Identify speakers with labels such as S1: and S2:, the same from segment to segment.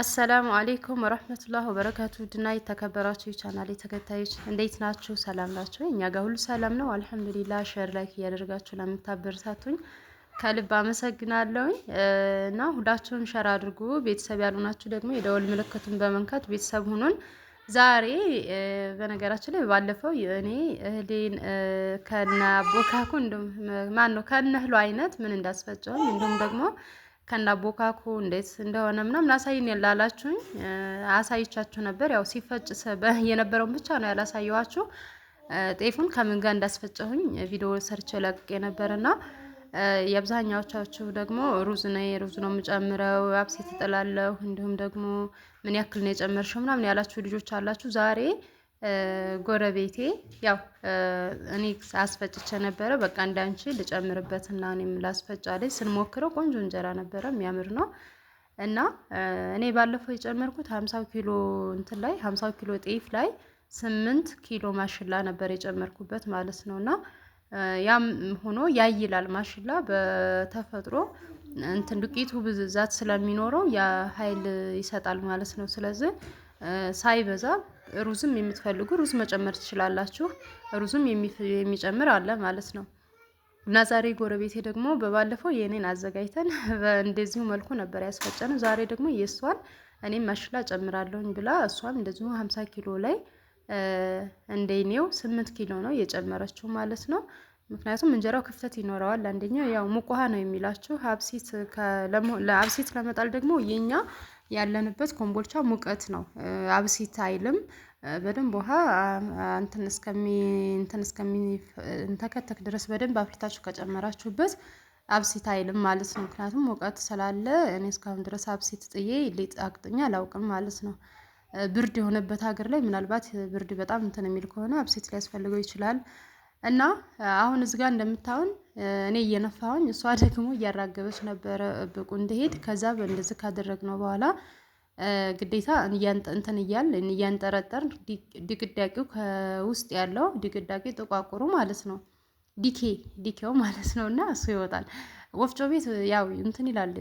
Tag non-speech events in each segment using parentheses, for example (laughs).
S1: አሰላሙ አሌይኩም ወረህመቱላህ ወበረካቱ ድና የተከበራችሁ የቻናሌ ተከታዮች እንዴት ናችሁ? ሰላም ናቸው። እኛ ጋር ሁሉ ሰላም ነው አልሐምዱሊላ። ሸር ላይክ እያደረጋችሁ ለምታበረታቱኝ ከልብ አመሰግናለሁኝ። እና ሁላችሁም ሸር አድርጉ። ቤተሰብ ያልሆናችሁ ደግሞ የደወል ምልክቱን በመንካት ቤተሰብ ሁኑን። ዛሬ በነገራችን ላይ ባለፈው እኔ እህሌን ከነ ቦካኩ ማን ነው ከነ እህሉ አይነት ምን እንዳስፈጨውም እንዲሁም ደግሞ ከናቦካኩ እንዴት እንደሆነ ምናምን አሳይን ላላችሁኝ አሳይቻችሁ ነበር። ያው ሲፈጭ የነበረውን ብቻ ነው ያላሳየኋችሁ። ጤፉን ከምን ጋር እንዳስፈጨሁኝ ቪዲዮ ሰርቼ ለቅ የነበረና የአብዛኛዎቻችሁ ደግሞ ሩዝ ነ ሩዝ ነው የምጨምረው፣ አብሴት እጥላለሁ፣ እንዲሁም ደግሞ ምን ያክል ነው የጨመርሽው ምናምን ያላችሁ ልጆች አላችሁ ዛሬ ጎረቤቴ ያው እኔ አስፈጭቼ ነበረ። በቃ እንዳንቺ ልጨምርበትና እኔም ላስፈጭ ላይ ስንሞክረው ቆንጆ እንጀራ ነበረ፣ የሚያምር ነው። እና እኔ ባለፈው የጨመርኩት ሀምሳው ኪሎ እንትን ላይ ሀምሳው ኪሎ ጤፍ ላይ ስምንት ኪሎ ማሽላ ነበር የጨመርኩበት ማለት ነው። እና ያም ሆኖ ያይላል ማሽላ በተፈጥሮ እንትን ዱቄቱ ብዛት ስለሚኖረው ያ ኃይል ይሰጣል ማለት ነው። ስለዚህ ሳይበዛ ሩዝም የምትፈልጉ ሩዝ መጨመር ትችላላችሁ። ሩዝም የሚጨምር አለ ማለት ነው። እና ዛሬ ጎረቤቴ ደግሞ በባለፈው የእኔን አዘጋጅተን እንደዚሁ መልኩ ነበር ያስፈጨነው። ዛሬ ደግሞ የእሷን እኔም ማሽላ ጨምራለሁኝ ብላ እሷም እንደዚሁ ሀምሳ ኪሎ ላይ እንደኔው ስምንት ኪሎ ነው የጨመረችው ማለት ነው። ምክንያቱም እንጀራው ክፍተት ይኖረዋል። አንደኛው ያው ሙቅ ውሃ ነው የሚላችሁ። አብሲት ለመጣል ደግሞ የኛ ያለንበት ኮምቦልቻ ሙቀት ነው። አብሲት አይልም በደንብ ውሃ እንትን እስከሚ እንትን እስከሚ ተከተክ ድረስ በደንብ አፍልታችሁ ከጨመራችሁበት አብሲት አይልም ማለት ነው። ምክንያቱም ሙቀት ስላለ እኔ እስካሁን ድረስ አብሲት ጥዬ ሊጥ አቅጥኛ አላውቅም ማለት ነው። ብርድ የሆነበት ሀገር ላይ ምናልባት ብርድ በጣም እንትን የሚል ከሆነ አብሲት ሊያስፈልገው ይችላል። እና አሁን እዚህ ጋር እንደምታዩን እኔ እየነፋሁኝ እሷ ደግሞ እያራገበች ነበረ ብቁ እንደሄድ ከዛ እንደዚህ ነው በኋላ ግዴታ እንትን እያል እያንጠረጠር ድቅዳቄው ከውስጥ ያለው ድቅዳቄ ጥቋቁሩ ማለት ነው፣ ዲኬ ዲኬው ማለት ነው። እና እሱ ይወጣል። ወፍጮ ቤት ያው እንትን ይላል፣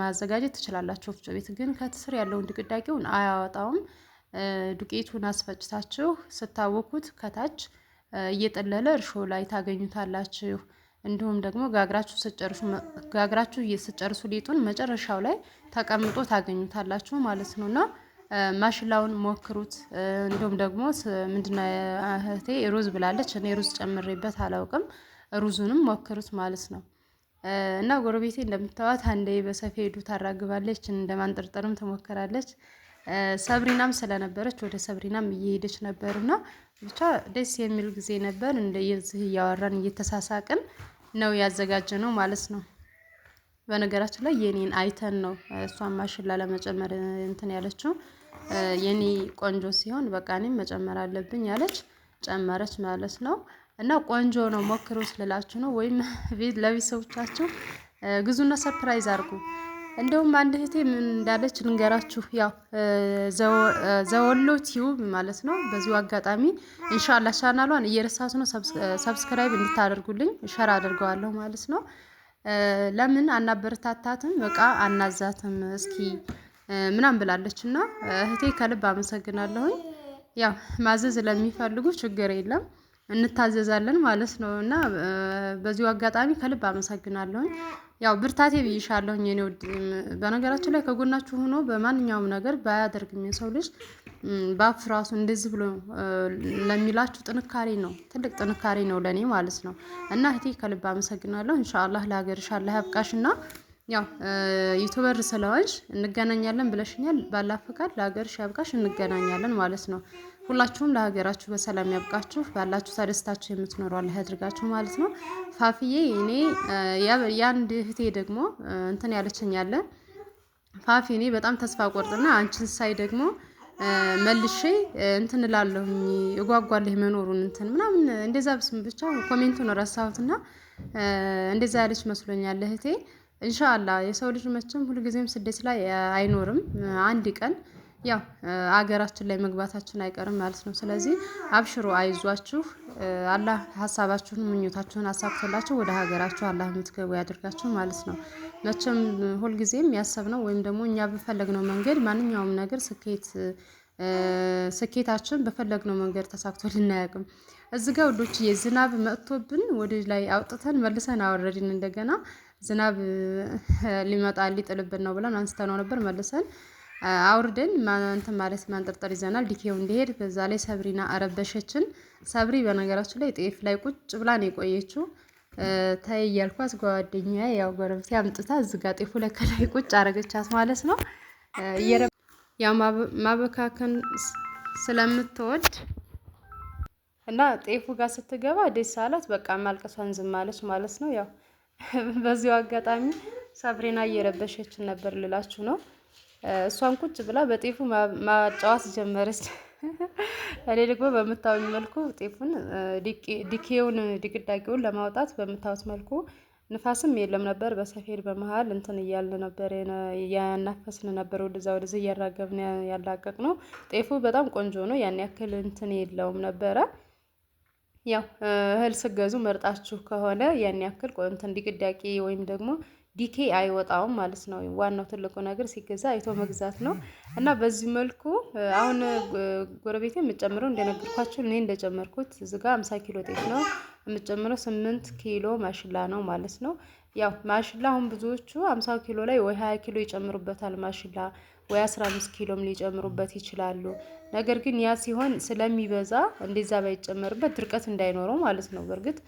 S1: ማዘጋጀት ትችላላችሁ። ወፍጮ ቤት ግን ከትስር ያለውን ድቅዳቄውን አያወጣውም። ዱቄቱን አስፈጭታችሁ ስታወኩት ከታች እየጠለለ እርሾ ላይ ታገኙታላችሁ። እንዲሁም ደግሞ ጋግራችሁ ስጨርሱ ሊጡን መጨረሻው ላይ ተቀምጦ ታገኙታላችሁ ማለት ነው እና ማሽላውን ሞክሩት። እንዲሁም ደግሞ ምንድና እህቴ ሩዝ ብላለች። እኔ ሩዝ ጨምሬበት አላውቅም። ሩዙንም ሞክሩት ማለት ነው እና ጎረቤቴ እንደምታዋት አንዴ በሰፌዱ ታራግባለች፣ እንደማንጠርጠርም ትሞክራለች። ሰብሪናም ስለነበረች ወደ ሰብሪናም እየሄደች ነበርና ብቻ ደስ የሚል ጊዜ ነበር። እንደዚህ እያወራን እየተሳሳቅን ነው ያዘጋጀ ነው ማለት ነው። በነገራችን ላይ የኔን አይተን ነው እሷን ማሽላ ለመጨመር እንትን ያለችው። የኔ ቆንጆ ሲሆን በቃ እኔም መጨመር አለብኝ ያለች ጨመረች ማለት ነው። እና ቆንጆ ነው ሞክሮ ስልላችሁ ነው። ወይም ለቤተሰቦቻችሁ ግዙና ሰርፕራይዝ አድርጉ። እንደውም አንድ እህቴ ምን እንዳለች ልንገራችሁ። ያው ዘወሎ ቲዩብ ማለት ነው። በዚሁ አጋጣሚ እንሻላ ቻናሏን እየረሳት ነው፣ ሰብስክራይብ እንድታደርጉልኝ ሸር አድርገዋለሁ ማለት ነው። ለምን አናበረታታትም? በቃ አናዛትም እስኪ ምናምን ብላለች እና እህቴ ከልብ አመሰግናለሁኝ። ያው ማዘዝ ለሚፈልጉ ችግር የለም እንታዘዛለን ማለት ነው። እና በዚሁ አጋጣሚ ከልብ አመሰግናለሁኝ። ያው ብርታቴ ብይሻለሁኝ የኔ ውድ። በነገራችን ላይ ከጎናችሁ ሆኖ በማንኛውም ነገር ባያደርግም የሰው ልጅ በአፍ ራሱ እንደዚህ ብሎ ለሚላችሁ ጥንካሬ ነው፣ ትልቅ ጥንካሬ ነው ለእኔ ማለት ነው። እና እህቴ ከልብ አመሰግናለሁ። እንሻአላህ ለሀገርሽ አላህ ያብቃሽ። እና ያው ዩቱበር ስለሆንሽ እንገናኛለን ብለሽኛል። ባላ ፈቃድ ለሀገርሽ ያብቃሽ፣ እንገናኛለን ማለት ነው። ሁላችሁም ለሀገራችሁ በሰላም ያብቃችሁ። ባላችሁ ተደስታችሁ የምትኖሩ አላህ ያድርጋችሁ ማለት ነው። ፋፍዬ እኔ የአንድ እህቴ ደግሞ እንትን ያለችኝ ያለ ፋፊ እኔ በጣም ተስፋ ቆርጥና አንቺን ሳይ ደግሞ መልሼ እንትን እላለሁኝ እጓጓለሁ መኖሩን እንትን ምናምን እንደዛ ብስም ብቻ ኮሜንቱን ረሳሁትና እንደዛ ያለች መስሎኛል እህቴ። እንሻአላ የሰው ልጅ መቼም ሁልጊዜም ስደት ላይ አይኖርም። አንድ ቀን ያው አገራችን ላይ መግባታችን አይቀርም ማለት ነው። ስለዚህ አብሽሮ አይዟችሁ፣ አላህ ሀሳባችሁን፣ ምኞታችሁን አሳክቶላችሁ ወደ ሀገራችሁ አላህ የምትገቡ ያደርጋችሁ ማለት ነው። መቼም ሁልጊዜም ያሰብነው ወይም ደግሞ እኛ በፈለግነው መንገድ ማንኛውም ነገር ስኬት ስኬታችን በፈለግነው መንገድ ተሳክቶ ልናያቅም። እዚጋ ጋር ውዶች የዝናብ መጥቶብን ወደ ላይ አውጥተን መልሰን አወረድን። እንደገና ዝናብ ሊመጣ ሊጥልብን ነው ብለን አንስተነው ነበር መልሰን አውርደን እንትን ማለት ማንጠርጠር ይዘናል። ዲኬው እንዲሄድ በዛ ላይ ሰብሪና አረበሸችን። ሰብሪ በነገራችን ላይ ጤፍ ላይ ቁጭ ብላ ነው የቆየችው። ታይ እያልኳት ጓደኛ ያው ጎረቤቴ አምጥታ እዝጋ ጤፉ ለከላይ ቁጭ አረገቻት ማለት ነው። ያው ማበካከን ስለምትወድ እና ጤፉ ጋር ስትገባ ደስ አላት። በቃ ማልቀሷን ዝም አለች ማለት ነው። ያው በዚሁ አጋጣሚ ሰብሪና እየረበሸችን ነበር ልላችሁ ነው። እሷን ቁጭ ብላ በጤፉ ማጫወት ጀመረች። (laughs) እኔ ደግሞ በምታዩኝ መልኩ ጤፉን ዲኬውን ድቅዳቄውን ለማውጣት በምታዩት መልኩ ንፋስም የለም ነበር። በሰፌድ በመሀል እንትን እያልን ነበር ያናፈስን ነበር፣ ወደዛ ወደዚ እያራገብን ያላቀቅ ነው። ጤፉ በጣም ቆንጆ ነው፣ ያን ያክል እንትን የለውም ነበረ። ያው እህል ስገዙ መርጣችሁ ከሆነ ያን ያክል እንትን ድቅዳቄ ወይም ደግሞ ዲኬ አይወጣውም ማለት ነው። ዋናው ትልቁ ነገር ሲገዛ አይቶ መግዛት ነው እና በዚህ መልኩ አሁን ጎረቤቴ የምጨምረው እንደነገርኳቸው እኔ እንደጨመርኩት እዚጋ አምሳ ኪሎ ጤፍ ነው የምጨምረው 8 ኪሎ ማሽላ ነው ማለት ነው። ያው ማሽላ አሁን ብዙዎቹ አምሳ ኪሎ ላይ ወይ ሀያ ኪሎ ይጨምሩበታል ማሽላ ወይ 15 ኪሎም ሊጨምሩበት ይችላሉ። ነገር ግን ያ ሲሆን ስለሚበዛ እንደዛ ባይጨመርበት ድርቀት እንዳይኖረው ማለት ነው በእርግጥ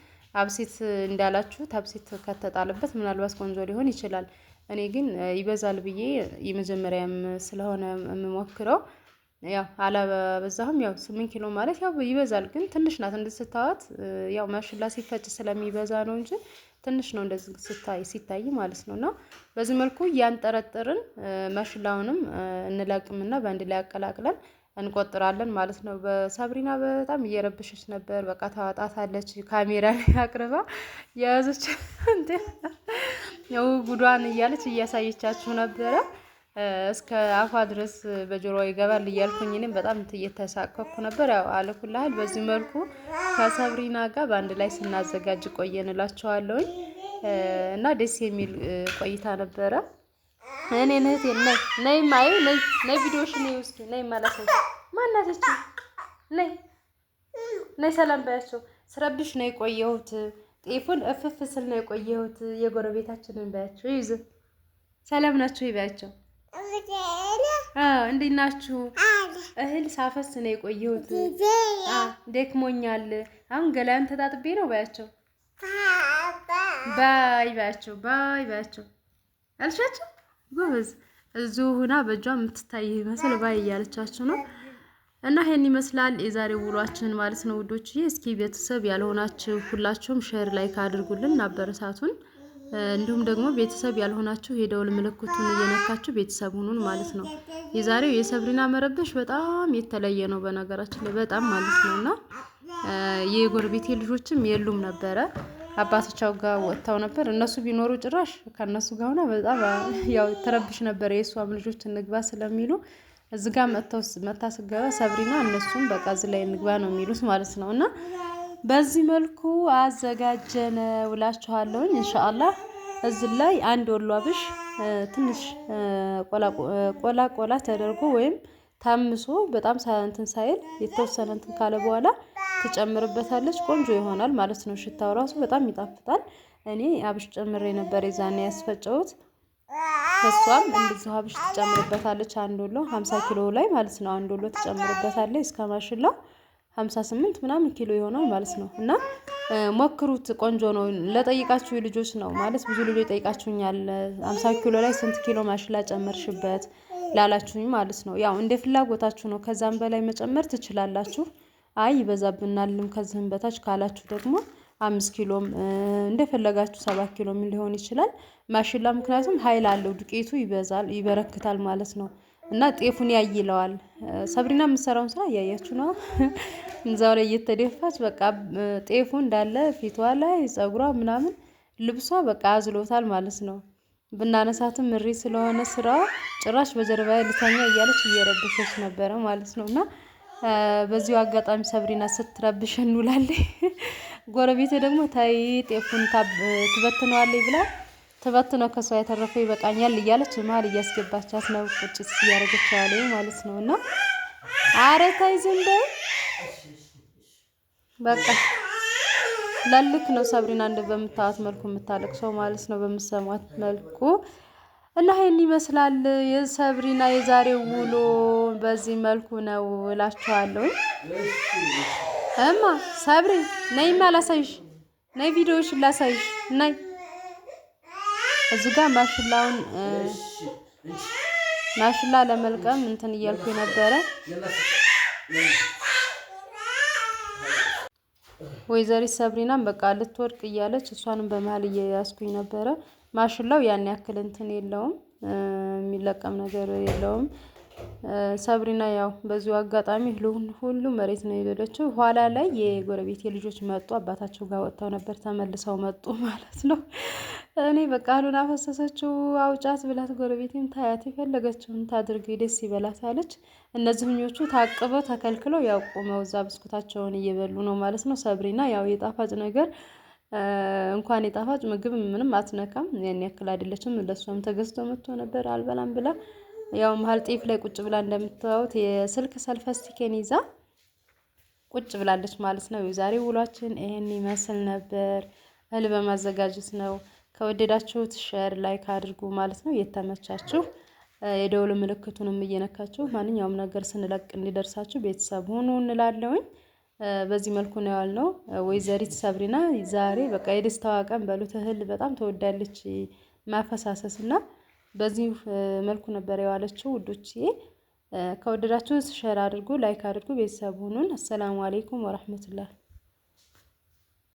S1: አብሲት እንዳላችሁት አብሴት ከተጣለበት ምናልባት ቆንጆ ሊሆን ይችላል። እኔ ግን ይበዛል ብዬ የመጀመሪያም ስለሆነ የምሞክረው ያው አላበዛሁም። ያው ስምንት ኪሎ ማለት ያው ይበዛል፣ ግን ትንሽ ናት። እንደዚህ ስታዋት ያው ማሽላ ሲፈጭ ስለሚበዛ ነው እንጂ ትንሽ ነው እንደዚህ ስታይ ሲታይ ማለት እና በዚህ መልኩ እያንጠረጠርን ማሽላውንም እንለቅምና በአንድ ላይ አቀላቅለን እንቆጥራለን ማለት ነው። በሳብሪና በጣም እየረብሸች ነበር። በቃ ታወጣታለች ካሜራ ላይ አቅርባ የያዘች ው ጉዷን እያለች እያሳየቻችሁ ነበረ። እስከ አፏ ድረስ በጆሮ ይገባል እያልኩኝ እኔም በጣም እየተሳቀኩ ነበር። ያው አለኩላህል በዚህ መልኩ ከሰብሪና ጋር በአንድ ላይ ስናዘጋጅ ቆየንላቸዋለውኝ እና ደስ የሚል ቆይታ ነበረ። እኔ እህቴ ነይ ነይ ማይ ነይ ነይ ቪዲዮሽ ነይ እስኪ ነይ ማለት ነው። ማናት እቺ ነይ ነይ ሰላም በያቸው። ስረብሽ ነው የቆየሁት። ጤፉን እፍፍ ስል ነው የቆየሁት። የጎረቤታችንን በያቸው ይይዝ ሰላም ናችሁ ይበያቸው። አዎ እንዴት ናችሁ? እህል ሳፈስ ነው የቆየሁት። ደክሞኛል። አሁን ገላን ተጣጥቤ ነው በያቸው። ባይ በያቸው። ባይ በያቸው አልሻቸው ጎበዝ እዚሁ ሁና በእጇ የምትታይ መስል ባይ እያለቻችሁ ነው። እና ይሄን ይመስላል የዛሬ ውሏችን ማለት ነው ውዶች። እስኪ ቤተሰብ ያልሆናችሁ ሁላችሁም ሼር ላይክ አድርጉልን፣ አበረታቱን። እንዲሁም ደግሞ ቤተሰብ ያልሆናችሁ የደውል ምልክቱን እየነካችሁ ቤተሰብ ሁኑን ማለት ነው። የዛሬው የሰብሪና መረበሽ በጣም የተለየ ነው በነገራችን ላይ በጣም ማለት ነው እና የጎረቤቴ ልጆችም የሉም ነበረ አባቶቻው ጋር ወጥተው ነበር። እነሱ ቢኖሩ ጭራሽ ከእነሱ ጋር ሆና በጣም ያው ነበር። የእሷም ልጆች እንግባ ስለሚሉ እዚ ጋ መታ ስገባ ሰብሪና እነሱም በቃ እዚ ላይ እንግባ ነው የሚሉት ማለት ነው። እና በዚህ መልኩ አዘጋጀን ውላችኋለሁኝ። እንሻአላ እዚ ላይ አንድ ወሎ አብሽ ትንሽ ቆላ ቆላ ተደርጎ ወይም ታምሶ በጣም እንትን ሳይል የተወሰነ እንትን ካለ በኋላ ትጨምርበታለች። ቆንጆ ይሆናል ማለት ነው። ሽታው ራሱ በጣም ይጣፍጣል። እኔ አብሽ ጨምሬ ነበር የዛኔ ያስፈጨሁት። እሷም እንደዚሁ አብሽ ትጨምርበታለች። አንድ ወሎ ሀምሳ ኪሎ ላይ ማለት ነው። አንድ ወሎ ትጨምርበታለች እስከ ማሽላው 58 ምናምን ኪሎ ይሆናል ማለት ነው። እና ሞክሩት፣ ቆንጆ ነው። ለጠይቃችሁ ልጆች ነው ማለት ብዙ ልጆች ጠይቃችሁኛል፣ ሀምሳ ኪሎ ላይ ስንት ኪሎ ማሽላ ጨመርሽበት ላላችሁኝ ማለት ነው። ያው እንደ ፍላጎታችሁ ነው። ከዛም በላይ መጨመር ትችላላችሁ። አይ ይበዛብናልም ከዚህም በታች ካላችሁ ደግሞ አምስት ኪሎም እንደፈለጋችሁ ሰባት ኪሎም ሊሆን ይችላል። ማሽላ ምክንያቱም ኃይል አለው ዱቄቱ ይበዛል ይበረክታል ማለት ነው እና ጤፉን ያይለዋል። ሰብሪና የምትሰራውን ስራ እያያችሁ ነው። (laughs) እዛው ላይ እየተደፋች በቃ ጤፉ እንዳለ ፊቷ ላይ ጸጉሯ ምናምን ልብሷ በቃ አዝሎታል ማለት ነው። ብናነሳትም ምሪ ስለሆነ ስራ ጭራሽ በጀርባ ልተኛ እያለች እየረብሸች ነበረ ማለት ነው። እና በዚሁ አጋጣሚ ሰብሪና ስትረብሽ እንውላለች። (laughs) ጎረቤቴ ደግሞ ታይ ጤፉን ትበትነዋለች ብላ ተበትነው ከሷ የተረፈ ይበቃኛል እያለች መሀል እያስገባቻት ነው ቁጭ እያደረገችዋለ ማለት ነው እና አረ ታይ ዝም በይ በቃ ላልክ ነው ሰብሪና እንደ በምታዋት መልኩ የምታለቅሰው ማለት ነው በምሰማት መልኩ እና ይህን ይመስላል የሰብሪና የዛሬ ውሎ በዚህ መልኩ ነው እላችኋለሁ። እማ ሰብሪ ነይ ላሳይሽ፣ ነይ ቪዲዮሽ ላሳይሽ፣ ነይ እዚህ ጋር ማሽላውን ማሽላ ለመልቀም እንትን እያልኩ የነበረ። ወይዘሪት ሰብሪናን በቃ ልትወድቅ እያለች እሷንም በመሀል እየያዝኩኝ ነበረ። ማሽላው ያን ያክል እንትን የለውም የሚለቀም ነገር የለውም። ሰብሪና ያው በዚሁ አጋጣሚ ሁሉ መሬት ነው የሄደችው። ኋላ ላይ የጎረቤት ልጆች መጡ፣ አባታቸው ጋር ወጥተው ነበር፣ ተመልሰው መጡ ማለት ነው። እኔ በቃ አሉን አፈሰሰችው አውጫት ብላት ጎረቤቴም ታያት የፈለገችውን ታድርግ ደስ ይበላት አለች። ምኞቹ ታቅበው ተከልክለው ያው ቆመው እዛ ብስኩታቸውን እየበሉ ነው ማለት ነው። ሰብሪና ያው የጣፋጭ ነገር እንኳን የጣፋጭ ምግብ ምንም አትነካም። ያን ያክል አይደለችም። ለሷም ተገዝቶ መጥቶ ነበር አልበላም ብላ ያው መሀል ጤፍ ላይ ቁጭ ብላ እንደምታዩት የስልክ ሰልፈስቲኬን ይዛ ቁጭ ብላለች ማለት ነው። የዛሬ ውሏችን ይህን ይመስል ነበር። እህል በማዘጋጀት ነው ከወደዳችሁት ሸር ላይክ አድርጉ ማለት ነው። የተመቻችሁ የደውል ምልክቱንም እየነካችሁ ማንኛውም ነገር ስንለቅ እንዲደርሳችሁ ቤተሰብ ሁኑ እንላለውኝ። በዚህ መልኩ ነው ያልነው። ወይዘሪት ሰብሪና ዛሬ በቃ የደስታዋ ቀን በሉት። እህል በጣም ተወዳለች ማፈሳሰስ እና በዚህ መልኩ ነበር የዋለችው ውዶችዬ። ከወደዳችሁ ሸር አድርጉ፣ ላይክ አድርጉ፣ ቤተሰብ ሁኑን። አሰላሙ አሌይኩም ወረህመቱላህ